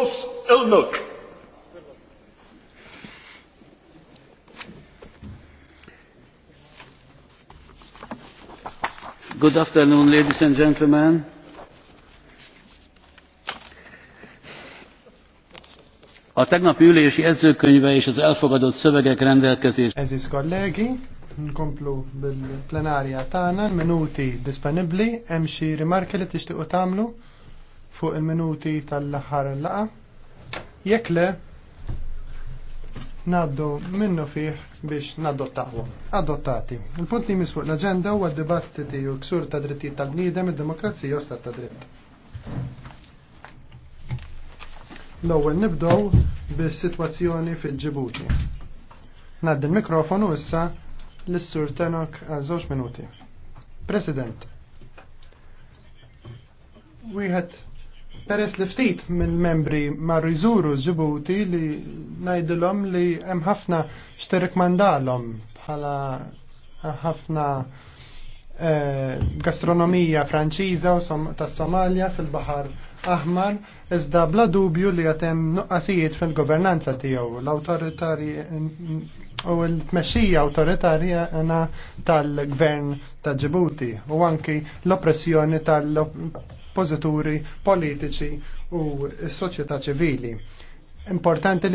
Us il-nuk. Good afternoon, ladies and gentlemen. A tegnap ülési edzőkönyve és az elfogadott szövegek rendelkezés. Ez is kollégi, nkomplu bil-plenárja tagħna, minuti disponibbli, hemm xi rimarki li tixtiequ fuq il-minuti tal-aħħar laqa? Jekk le, naddu minnu fih biex nadottawhom. Adottati. Il-punt li misfuq l-aġenda huwa d-dibattiti u ksur ta' drittijiet tal-bniedem id-demokrazija u stat ta' dritt. L-ewwel nibdew bis-sitwazzjoni fil-Ġibuti. Naddi l-mikrofonu issa l-Sur Tenok għal żewġ minuti. President, wieħed Peress li ftit mill-membri marru jżuru ġibuti li najdilom li hemm ħafna xterek mandalom bħala ħafna eh, gastronomija franċiża u tas somalia fil bahar Aħmar, iżda bla dubju li għatem nuqqasijiet fil-governanza tiegħu l-awtoritarji u l-tmexxija awtoritarja tal-gvern ta' Ġibuti u anki l-oppressjoni tal oppożituri politiċi u s-soċjetà ċivili. Importanti